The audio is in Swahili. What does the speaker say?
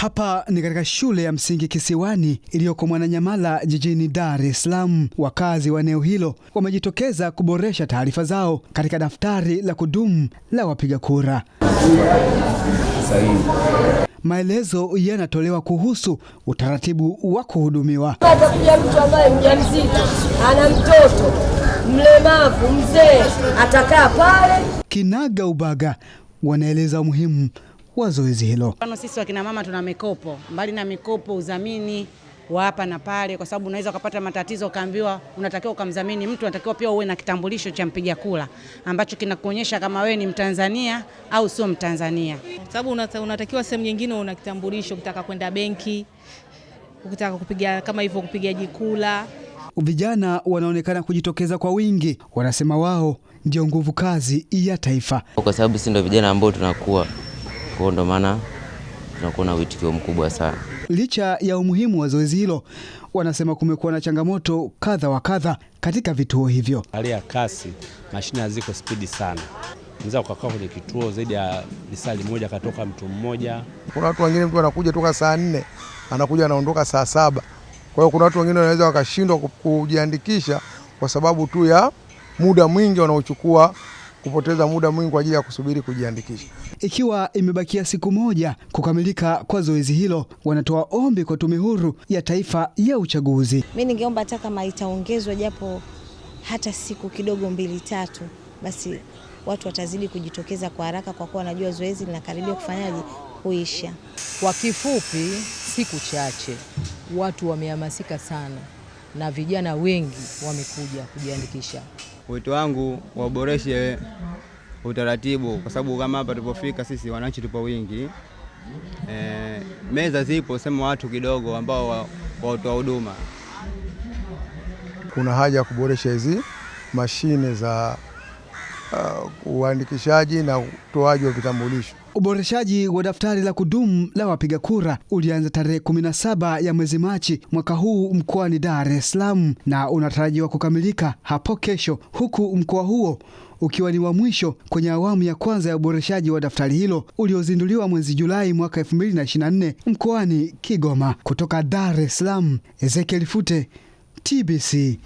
Hapa ni katika shule ya msingi Kisiwani iliyoko Mwananyamala jijini Dar es Salaam. Wakazi wa eneo hilo wamejitokeza kuboresha taarifa zao katika daftari la kudumu la wapiga kura. Maelezo yanatolewa kuhusu utaratibu wa kuhudumiwa. Atakuja mtu ambaye mjamzito, ana mtoto, mlemavu, mzee, atakaa pale. Kinaga ubaga wanaeleza umuhimu wa zoezi hilo. Kwa sisi wakina mama tuna mikopo, mbali na mikopo udhamini wa hapa na pale, kwa sababu unaweza ukapata matatizo ukaambiwa unatakiwa ukamdhamini mtu, unatakiwa pia uwe na kitambulisho cha mpiga kura ambacho kinakuonyesha kama wewe ni Mtanzania au sio Mtanzania, sababu unatakiwa sehemu nyingine una kitambulisho, ukitaka kwenda benki, ukitaka kupiga kama hivyo, kupigaji kura. Vijana wanaonekana kujitokeza kwa wingi, wanasema wao ndio nguvu kazi ya taifa, kwa sababu sisi ndio vijana ambao tunakuwa kwa ndo maana tunakuwa na witikio mkubwa sana. Licha ya umuhimu wa zoezi hilo, wanasema kumekuwa na changamoto kadha wa kadha katika vituo hivyo. Hali ya kasi, mashine haziko spidi sana, unaweza ukakaa kwenye kituo zaidi ya lisali moja akatoka mtu mmoja. Kuna watu wengine mtu anakuja toka saa nne anakuja anaondoka saa saba. Kwa hiyo kuna watu wengine wanaweza wakashindwa kujiandikisha kwa sababu tu ya muda mwingi wanaochukua kupoteza muda mwingi kwa ajili ya kusubiri kujiandikisha ikiwa imebakia siku moja kukamilika kwa zoezi hilo, wanatoa ombi kwa Tume Huru ya Taifa ya Uchaguzi. mi ningeomba hata kama itaongezwa japo hata siku kidogo mbili tatu, basi watu watazidi kujitokeza kwa haraka, kwa kuwa wanajua zoezi linakaribia kufanyaje kuisha. Kwa kifupi, siku chache watu wamehamasika sana na vijana wengi wamekuja kujiandikisha. Wito wangu waboreshe utaratibu, kwa sababu kama hapa tulipofika sisi wananchi tupo wingi e, meza zipo, sema watu kidogo ambao wa, watoa huduma. Kuna haja ya kuboresha hizi mashine za uh, uandikishaji na utoaji wa vitambulisho. Uboreshaji wa daftari la kudumu la wapiga kura ulianza tarehe 17 ya mwezi Machi mwaka huu mkoani Dar es Salaam na unatarajiwa kukamilika hapo kesho, huku mkoa huo ukiwa ni wa mwisho kwenye awamu ya kwanza ya uboreshaji wa daftari hilo uliozinduliwa mwezi Julai mwaka 2024 mkoani Kigoma. Kutoka Dar es Salaam, Ezekiel Fute, TBC.